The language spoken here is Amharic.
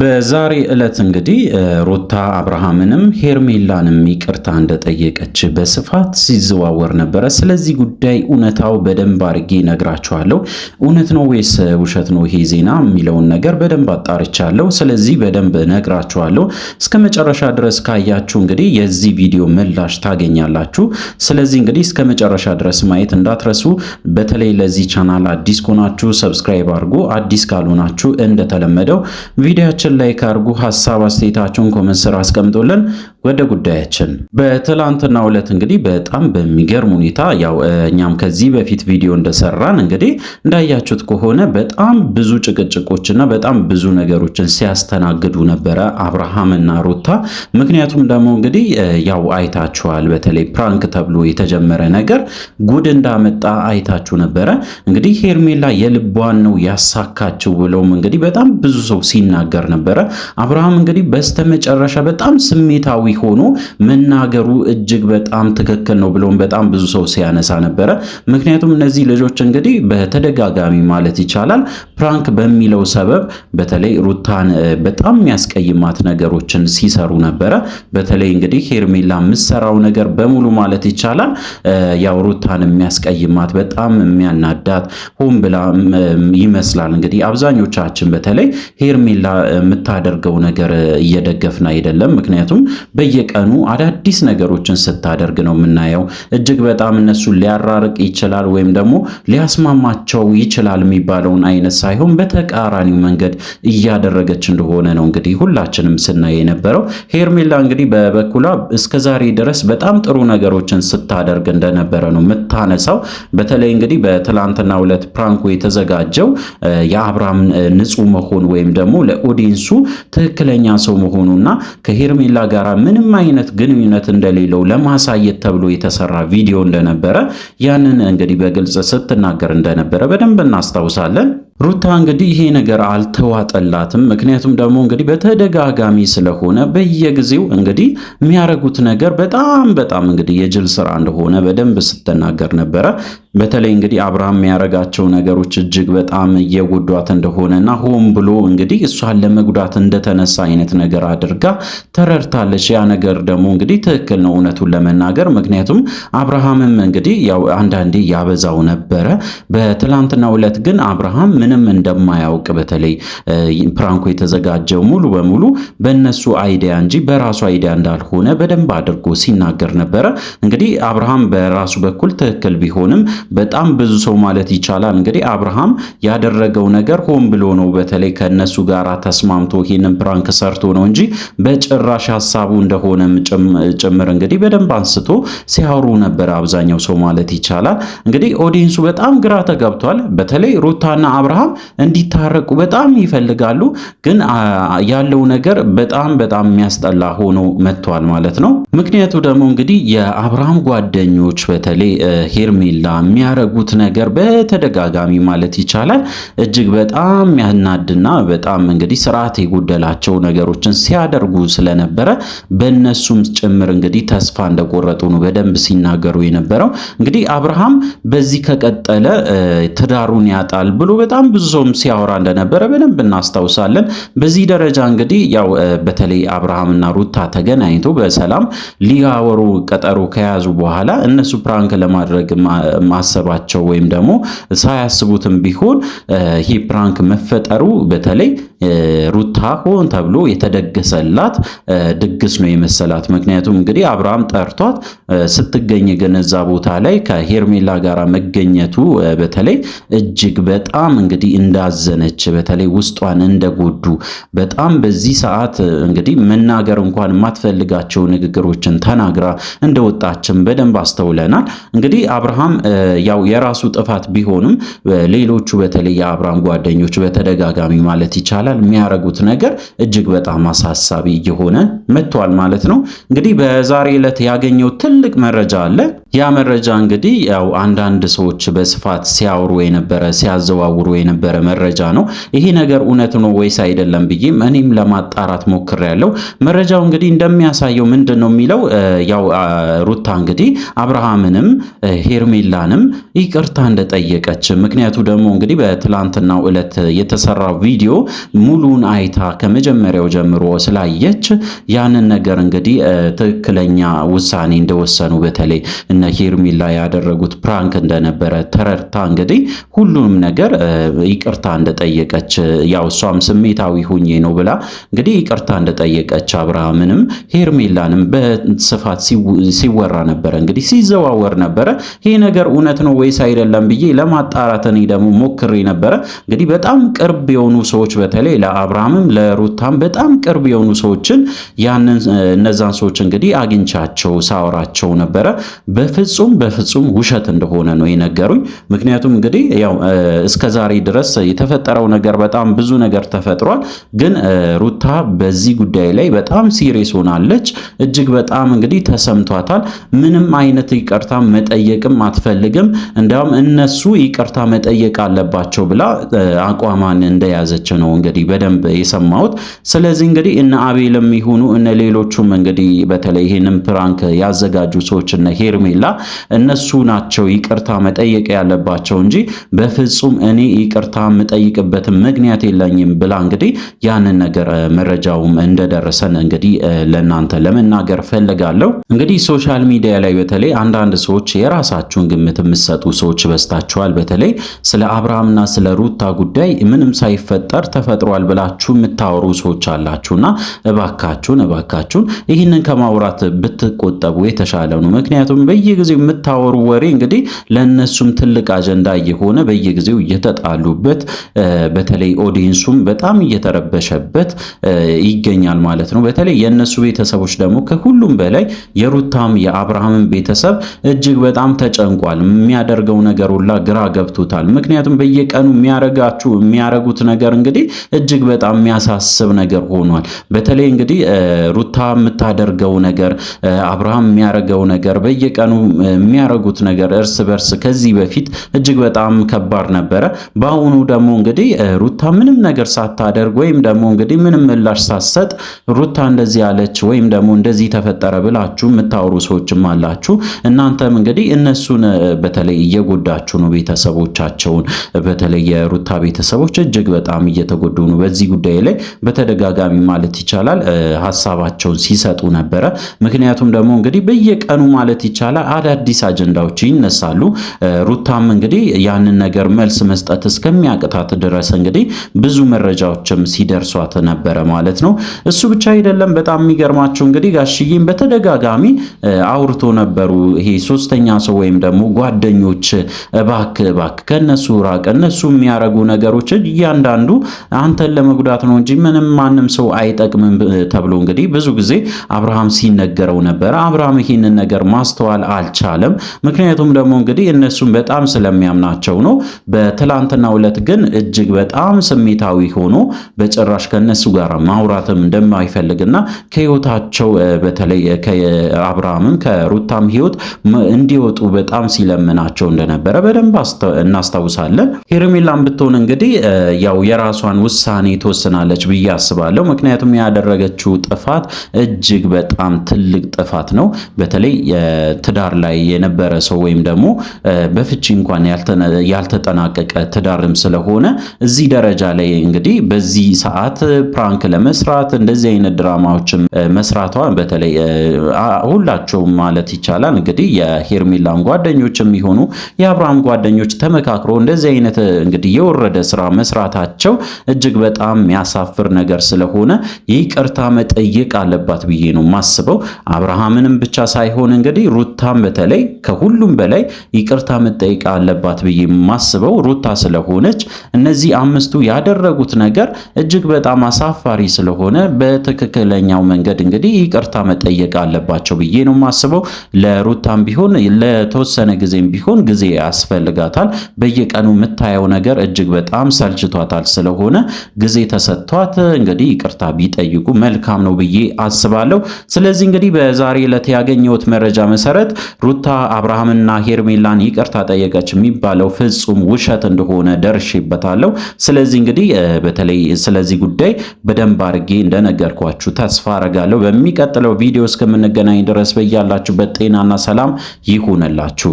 በዛሬ ዕለት እንግዲህ ሩታ አብርሃምንም ሄርሜላንም ይቅርታ እንደጠየቀች በስፋት ሲዘዋወር ነበረ። ስለዚህ ጉዳይ እውነታው በደንብ አድርጌ ነግራችኋለሁ። እውነት ነው ወይስ ውሸት ነው ይሄ ዜና የሚለውን ነገር በደንብ አጣርቻለሁ። ስለዚህ በደንብ ነግራችኋለሁ። እስከ መጨረሻ ድረስ ካያችሁ እንግዲህ የዚህ ቪዲዮ ምላሽ ታገኛላችሁ። ስለዚህ እንግዲህ እስከ መጨረሻ ድረስ ማየት እንዳትረሱ። በተለይ ለዚህ ቻናል አዲስ ከሆናችሁ ሰብስክራይብ አድርጉ። አዲስ ካልሆናችሁ እንደተለመደው ቪዲዮ ቪዲዮችን ላይክ አድርጉ። ሀሳብ አስተያየታችሁን ኮመንት ስር አስቀምጦልን ወደ ጉዳያችን በትላንትናው ዕለት እንግዲህ በጣም በሚገርም ሁኔታ ያው እኛም ከዚህ በፊት ቪዲዮ እንደሰራን እንግዲህ እንዳያችሁት ከሆነ በጣም ብዙ ጭቅጭቆችና በጣም ብዙ ነገሮችን ሲያስተናግዱ ነበረ አብርሃምና ሩታ። ምክንያቱም ደግሞ እንግዲህ ያው አይታችኋል፣ በተለይ ፕራንክ ተብሎ የተጀመረ ነገር ጉድ እንዳመጣ አይታችሁ ነበረ። እንግዲህ ሄርሜላ የልቧን ነው ያሳካችው ብለውም እንግዲህ በጣም ብዙ ሰው ሲናገር ነበረ። አብርሃም እንግዲህ በስተመጨረሻ በጣም ስሜታዊ ሆኖ መናገሩ እጅግ በጣም ትክክል ነው ብሎም በጣም ብዙ ሰው ሲያነሳ ነበረ። ምክንያቱም እነዚህ ልጆች እንግዲህ በተደጋጋሚ ማለት ይቻላል ፕራንክ በሚለው ሰበብ በተለይ ሩታን በጣም የሚያስቀይማት ነገሮችን ሲሰሩ ነበረ። በተለይ እንግዲህ ሄርሜላ የምትሰራው ነገር በሙሉ ማለት ይቻላል ያው ሩታን የሚያስቀይማት በጣም የሚያናዳት ሆን ብላ ይመስላል እንግዲህ አብዛኞቻችን በተለይ ሄርሜላ በምታደርገው ነገር እየደገፍን አይደለም። ምክንያቱም በየቀኑ አዳዲስ ነገሮችን ስታደርግ ነው የምናየው። እጅግ በጣም እነሱ ሊያራርቅ ይችላል ወይም ደግሞ ሊያስማማቸው ይችላል የሚባለውን አይነት ሳይሆን በተቃራኒው መንገድ እያደረገች እንደሆነ ነው እንግዲህ ሁላችንም ስናይ የነበረው። ሄርሜላ እንግዲህ በበኩሏ እስከዛሬ ድረስ በጣም ጥሩ ነገሮችን ስታደርግ እንደነበረ ነው የምታነሳው። በተለይ እንግዲህ በትላንትና ሁለት ፕራንኩ የተዘጋጀው የአብርሃም ንጹህ መሆን ወይም ደግሞ ለኦዲን እሱ ትክክለኛ ሰው መሆኑና ከሄርሜላ ጋር ምንም አይነት ግንኙነት እንደሌለው ለማሳየት ተብሎ የተሰራ ቪዲዮ እንደነበረ ያንን እንግዲህ በግልጽ ስትናገር እንደነበረ በደንብ እናስታውሳለን። ሩታ እንግዲህ ይሄ ነገር አልተዋጠላትም። ምክንያቱም ደግሞ እንግዲህ በተደጋጋሚ ስለሆነ በየጊዜው እንግዲህ የሚያረጉት ነገር በጣም በጣም እንግዲህ የጅል ስራ እንደሆነ በደንብ ስትናገር ነበረ። በተለይ እንግዲህ አብርሃም የሚያረጋቸው ነገሮች እጅግ በጣም እየጎዷት እና ሆን ብሎ እንግዲህ እሷን ለመጉዳት እንደተነሳ አይነት ነገር አድርጋ ተረድታለች። ያ ነገር ደግሞ እንግዲህ ትክክል ነው እውነቱን ለመናገር ምክንያቱም አብርሃምም እንግዲህ ያው አንዳንዴ ያበዛው ነበረ። በትላንትናው ዕለት ግን አብርሃም ምንም እንደማያውቅ በተለይ ፕራንኩ የተዘጋጀው ሙሉ በሙሉ በእነሱ አይዲያ እንጂ በራሱ አይዲያ እንዳልሆነ በደንብ አድርጎ ሲናገር ነበረ። እንግዲህ አብርሃም በራሱ በኩል ትክክል ቢሆንም በጣም ብዙ ሰው ማለት ይቻላል እንግዲህ አብርሃም ያደረገው ነገር ሆን ብሎ ነው። በተለይ ከነሱ ጋር ተስማምቶ ይህንን ፕራንክ ሰርቶ ነው እንጂ በጭራሽ ሀሳቡ እንደሆነም ጭምር እንግዲህ በደንብ አንስቶ ሲያወሩ ነበር አብዛኛው ሰው ማለት ይቻላል። እንግዲህ ኦዲንሱ በጣም ግራ ተገብቷል። በተለይ ሩታና አብርሃም አብርሃም እንዲታረቁ በጣም ይፈልጋሉ። ግን ያለው ነገር በጣም በጣም የሚያስጠላ ሆኖ መጥቷል ማለት ነው። ምክንያቱ ደግሞ እንግዲህ የአብርሃም ጓደኞች በተለይ ሄርሜላ የሚያረጉት ነገር በተደጋጋሚ ማለት ይቻላል እጅግ በጣም ያናድና በጣም እንግዲህ ስርዓት የጎደላቸው ነገሮችን ሲያደርጉ ስለነበረ በእነሱም ጭምር እንግዲህ ተስፋ እንደቆረጡ ነው በደንብ ሲናገሩ የነበረው። እንግዲህ አብርሃም በዚህ ከቀጠለ ትዳሩን ያጣል ብሎ በጣም በጣም ብዙ ሰው ሲያወራ እንደነበረ በደንብ እናስታውሳለን። በዚህ ደረጃ እንግዲህ ያው በተለይ አብርሃምና ሩታ ተገናኝቶ በሰላም ሊያወሩ ቀጠሮ ከያዙ በኋላ እነሱ ፕራንክ ለማድረግ ማሰባቸው ወይም ደግሞ ሳያስቡትም ቢሆን ይሄ ፕራንክ መፈጠሩ በተለይ ሩታ ሆን ተብሎ የተደገሰላት ድግስ ነው የመሰላት። ምክንያቱም እንግዲህ አብርሃም ጠርቷት ስትገኝ ግን እዛ ቦታ ላይ ከሄርሜላ ጋር መገኘቱ በተለይ እጅግ በጣም እንግዲህ እንግዲህ እንዳዘነች በተለይ ውስጧን እንደጎዱ በጣም በዚህ ሰዓት እንግዲህ መናገር እንኳን የማትፈልጋቸው ንግግሮችን ተናግራ እንደወጣችን በደንብ አስተውለናል። እንግዲህ አብርሃም ያው የራሱ ጥፋት ቢሆንም ሌሎቹ በተለይ የአብርሃም ጓደኞች በተደጋጋሚ ማለት ይቻላል የሚያረጉት ነገር እጅግ በጣም አሳሳቢ እየሆነ መጥቷል ማለት ነው። እንግዲህ በዛሬ ዕለት ያገኘው ትልቅ መረጃ አለ። ያ መረጃ እንግዲህ ያው አንዳንድ ሰዎች በስፋት ሲያወሩ የነበረ ሲያዘዋውሩ የነበረ መረጃ ነው። ይሄ ነገር እውነት ነው ወይስ አይደለም ብዬም እኔም ለማጣራት ሞክሬያለሁ። መረጃው እንግዲህ እንደሚያሳየው ምንድን ነው የሚለው ያው ሩታ እንግዲህ አብርሃምንም ሄርሜላንም ይቅርታ እንደጠየቀች ምክንያቱ ደግሞ እንግዲህ በትላንትናው ዕለት የተሰራ ቪዲዮ ሙሉን አይታ ከመጀመሪያው ጀምሮ ስላየች ያንን ነገር እንግዲህ ትክክለኛ ውሳኔ እንደወሰኑ በተለይ እነ ሄርሜላ ያደረጉት ፕራንክ እንደነበረ ተረድታ እንግዲህ ሁሉንም ነገር ይቅርታ እንደጠየቀች ያው እሷም ስሜታዊ ሁኜ ነው ብላ እንግዲህ ይቅርታ እንደጠየቀች አብርሃምንም ሄርሜላንም በስፋት ሲወራ ነበረ፣ እንግዲህ ሲዘዋወር ነበረ። ይሄ ነገር እውነት ነው ወይስ አይደለም ብዬ ለማጣራት እኔ ደግሞ ሞክሬ ነበረ። እንግዲህ በጣም ቅርብ የሆኑ ሰዎች በተለይ ለአብርሃምም ለሩታም በጣም ቅርብ የሆኑ ሰዎችን ያንን እነዛን ሰዎች እንግዲህ አግኝቻቸው ሳወራቸው ነበረ። በፍጹም በፍጹም ውሸት እንደሆነ ነው የነገሩኝ። ምክንያቱም እንግዲህ ያው እስከ ዛሬ ድረስ የተፈጠረው ነገር በጣም ብዙ ነገር ተፈጥሯል። ግን ሩታ በዚህ ጉዳይ ላይ በጣም ሲሪየስ ሆናለች። እጅግ በጣም እንግዲህ ተሰምቷታል። ምንም አይነት ይቅርታ መጠየቅም አትፈልግም። እንዲያውም እነሱ ይቅርታ መጠየቅ አለባቸው ብላ አቋማን እንደያዘች ነው እንግዲህ በደንብ የሰማሁት። ስለዚህ እንግዲህ እነ አቤልም ይሁኑ እነ ሌሎቹም እንግዲህ በተለይ ይህንም ፕራንክ ያዘጋጁ ሰዎች እነ ሄርሜ ኬላ እነሱ ናቸው ይቅርታ መጠየቅ ያለባቸው እንጂ በፍጹም እኔ ይቅርታ የምጠይቅበትን ምክንያት የለኝም ብላ እንግዲህ ያንን ነገር መረጃውም እንደደረሰን እንግዲህ ለእናንተ ለመናገር ፈልጋለሁ። እንግዲህ ሶሻል ሚዲያ ላይ በተለይ አንዳንድ ሰዎች የራሳችሁን ግምት የምትሰጡ ሰዎች በስታችኋል። በተለይ ስለ አብርሃምና ስለ ሩታ ጉዳይ ምንም ሳይፈጠር ተፈጥሯል ብላችሁ የምታወሩ ሰዎች አላችሁና እባካችሁን እባካችሁን ይህንን ከማውራት ብትቆጠቡ የተሻለ ነው። ምክንያቱም በየ በየጊዜው የምታወሩ ወሬ እንግዲህ ለእነሱም ትልቅ አጀንዳ እየሆነ በየጊዜው እየተጣሉበት በተለይ ኦዲየንሱም በጣም እየተረበሸበት ይገኛል ማለት ነው። በተለይ የእነሱ ቤተሰቦች ደግሞ ከሁሉም በላይ የሩታም የአብርሃምን ቤተሰብ እጅግ በጣም ተጨንቋል። የሚያደርገው ነገር ሁላ ግራ ገብቶታል። ምክንያቱም በየቀኑ የሚያረጋችሁ የሚያረጉት ነገር እንግዲህ እጅግ በጣም የሚያሳስብ ነገር ሆኗል። በተለይ እንግዲህ ሩታ የምታደርገው ነገር፣ አብርሃም የሚያረገው ነገር በየቀኑ ነው የሚያደርጉት ነገር እርስ በርስ ከዚህ በፊት እጅግ በጣም ከባድ ነበረ። በአሁኑ ደግሞ እንግዲህ ሩታ ምንም ነገር ሳታደርግ ወይም ደግሞ እንግዲህ ምንም ምላሽ ሳትሰጥ ሩታ እንደዚህ ያለች ወይም ደግሞ እንደዚህ ተፈጠረ ብላችሁ የምታወሩ ሰዎችም አላችሁ። እናንተም እንግዲህ እነሱን በተለይ እየጎዳችሁ ነው። ቤተሰቦቻቸውን በተለይ የሩታ ቤተሰቦች እጅግ በጣም እየተጎዱ ነው። በዚህ ጉዳይ ላይ በተደጋጋሚ ማለት ይቻላል ሀሳባቸውን ሲሰጡ ነበረ። ምክንያቱም ደግሞ እንግዲህ በየቀኑ ማለት ይቻላል አዳዲስ አጀንዳዎች ይነሳሉ። ሩታም እንግዲህ ያንን ነገር መልስ መስጠት እስከሚያቅታት ድረስ እንግዲህ ብዙ መረጃዎችም ሲደርሷት ነበረ ማለት ነው። እሱ ብቻ አይደለም። በጣም የሚገርማቸው እንግዲህ ጋሽዬም በተደጋጋሚ አውርቶ ነበሩ። ይሄ ሶስተኛ ሰው ወይም ደግሞ ጓደኞች እባክ እባክ ከነሱ ራቅ፣ እነሱ የሚያረጉ ነገሮች እያንዳንዱ አንተን ለመጉዳት ነው እንጂ ምንም ማንም ሰው አይጠቅምም ተብሎ እንግዲህ ብዙ ጊዜ አብርሃም ሲነገረው ነበረ። አብርሃም ይህንን ነገር ማስተዋል አልቻለም። ምክንያቱም ደግሞ እንግዲህ እነሱም በጣም ስለሚያምናቸው ነው። በትላንትና ዕለት ግን እጅግ በጣም ስሜታዊ ሆኖ በጭራሽ ከነሱ ጋር ማውራትም እንደማይፈልግና ከህይወታቸው በተለይ ከአብርሃምም ከሩታም ህይወት እንዲወጡ በጣም ሲለምናቸው እንደነበረ በደንብ እናስታውሳለን። ሄርሜላም ብትሆን እንግዲህ ያው የራሷን ውሳኔ ትወስናለች ብዬ አስባለሁ። ምክንያቱም ያደረገችው ጥፋት እጅግ በጣም ትልቅ ጥፋት ነው። በተለይ ትዳ ትዳር ላይ የነበረ ሰው ወይም ደግሞ በፍቺ እንኳን ያልተጠናቀቀ ትዳርም ስለሆነ እዚህ ደረጃ ላይ እንግዲህ በዚህ ሰዓት ፕራንክ ለመስራት እንደዚህ አይነት ድራማዎችም መስራቷ በተለይ ሁላቸውም ማለት ይቻላል እንግዲህ የሄርሜላም ጓደኞች የሚሆኑ የአብርሃም ጓደኞች ተመካክሮ እንደዚህ አይነት እንግዲህ የወረደ ስራ መስራታቸው እጅግ በጣም የሚያሳፍር ነገር ስለሆነ ይቅርታ መጠየቅ አለባት ብዬ ነው ማስበው። አብርሃምንም ብቻ ሳይሆን እንግዲህ ሩታ በጣም በተለይ ከሁሉም በላይ ይቅርታ መጠየቅ አለባት ብዬ የማስበው ሩታ ስለሆነች እነዚህ አምስቱ ያደረጉት ነገር እጅግ በጣም አሳፋሪ ስለሆነ በትክክለኛው መንገድ እንግዲህ ይቅርታ መጠየቅ አለባቸው ብዬ ነው የማስበው። ለሩታም ቢሆን ለተወሰነ ጊዜም ቢሆን ጊዜ ያስፈልጋታል። በየቀኑ የምታየው ነገር እጅግ በጣም ሰልችቷታል። ስለሆነ ጊዜ ተሰጥቷት እንግዲህ ይቅርታ ቢጠይቁ መልካም ነው ብዬ አስባለሁ። ስለዚህ እንግዲህ በዛሬ ዕለት ያገኘሁት መረጃ መሰረት ሩታ አብርሃምና ሄርሜላን ይቅርታ ጠየቀች የሚባለው ፍጹም ውሸት እንደሆነ ደርሼበታለሁ። ስለዚህ እንግዲህ በተለይ ስለዚህ ጉዳይ በደንብ አድርጌ እንደነገርኳችሁ ተስፋ አረጋለሁ። በሚቀጥለው ቪዲዮ እስከምንገናኝ ድረስ በያላችሁበት ጤናና ሰላም ይሁንላችሁ።